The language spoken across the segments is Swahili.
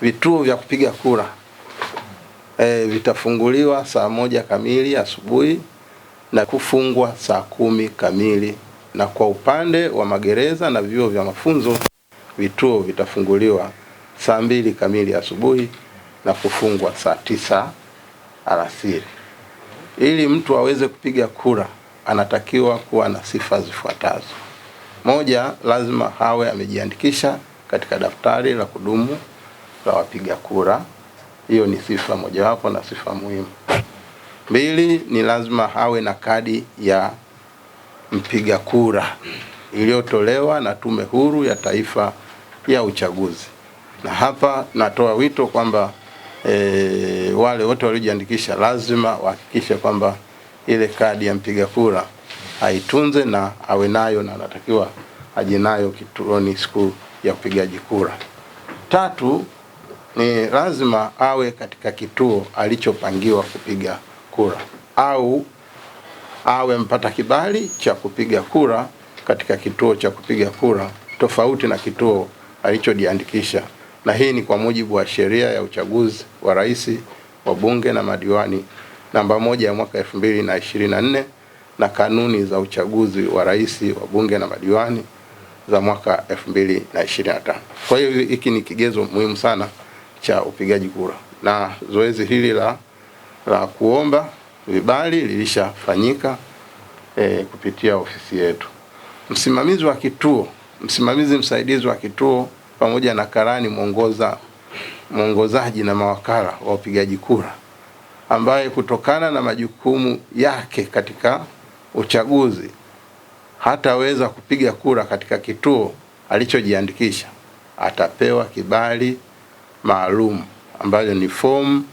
vituo vya kupiga kura e, vitafunguliwa saa moja kamili asubuhi na kufungwa saa kumi kamili, na kwa upande wa magereza na vyuo vya mafunzo vituo vitafunguliwa saa mbili kamili asubuhi na kufungwa saa tisa alasiri. Ili mtu aweze kupiga kura anatakiwa kuwa na sifa zifuatazo: moja, lazima hawe amejiandikisha katika daftari la kudumu la wapiga kura. Hiyo ni sifa mojawapo na sifa muhimu. Mbili, ni lazima awe na kadi ya mpiga kura iliyotolewa na Tume Huru ya Taifa ya Uchaguzi, na hapa natoa wito kwamba e, wale wote waliojiandikisha lazima wahakikishe kwamba ile kadi ya mpiga kura aitunze na awe nayo na anatakiwa aje nayo kituoni siku ya upigaji kura. Tatu, ni lazima awe katika kituo alichopangiwa kupiga kura au awe mpata kibali cha kupiga kura katika kituo cha kupiga kura tofauti na kituo alichojiandikisha, na hii ni kwa mujibu wa sheria ya uchaguzi wa rais, bunge na madiwani namba moja ya mwaka 2024 na kanuni za uchaguzi wa rais, bunge na madiwani za mwaka 2025. Kwa hiyo hiki ni kigezo muhimu sana cha upigaji kura, na zoezi hili la, la kuomba vibali lilishafanyika e, kupitia ofisi yetu. Msimamizi wa kituo, msimamizi msaidizi wa kituo pamoja na karani mwongoza mwongozaji na mawakala wa upigaji kura ambaye kutokana na majukumu yake katika uchaguzi hataweza kupiga kura katika kituo alichojiandikisha, atapewa kibali maalum ambayo ni fomu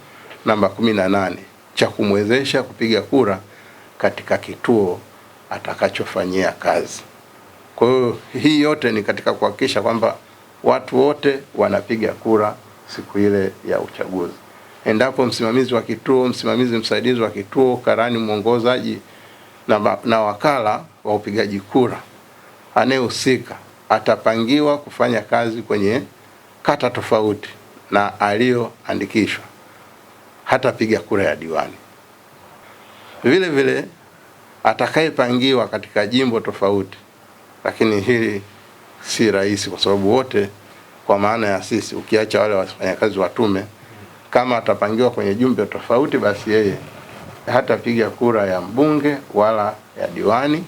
namba 18 cha kumwezesha kupiga kura katika kituo atakachofanyia kazi. Kwa hiyo hii yote ni katika kuhakikisha kwamba watu wote wanapiga kura siku ile ya uchaguzi. Endapo msimamizi wa kituo, msimamizi msaidizi wa kituo, karani mwongozaji na, na wakala wa upigaji kura anayehusika atapangiwa kufanya kazi kwenye kata tofauti na aliyoandikishwa hatapiga kura ya diwani. Vile vile atakayepangiwa katika jimbo tofauti, lakini hili si rahisi kwa sababu wote, kwa maana ya sisi, ukiacha wale wafanyakazi wa tume, kama atapangiwa kwenye jimbo tofauti, basi yeye hatapiga kura ya mbunge wala ya diwani,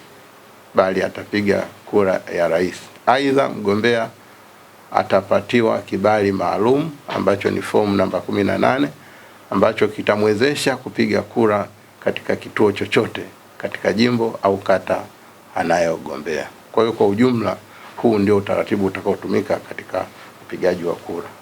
bali atapiga kura ya rais. Aidha, mgombea atapatiwa kibali maalum ambacho ni fomu namba 18 ambacho kitamwezesha kupiga kura katika kituo chochote katika jimbo au kata anayogombea. Kwa hiyo, kwa ujumla, huu ndio utaratibu utakaotumika katika upigaji wa kura.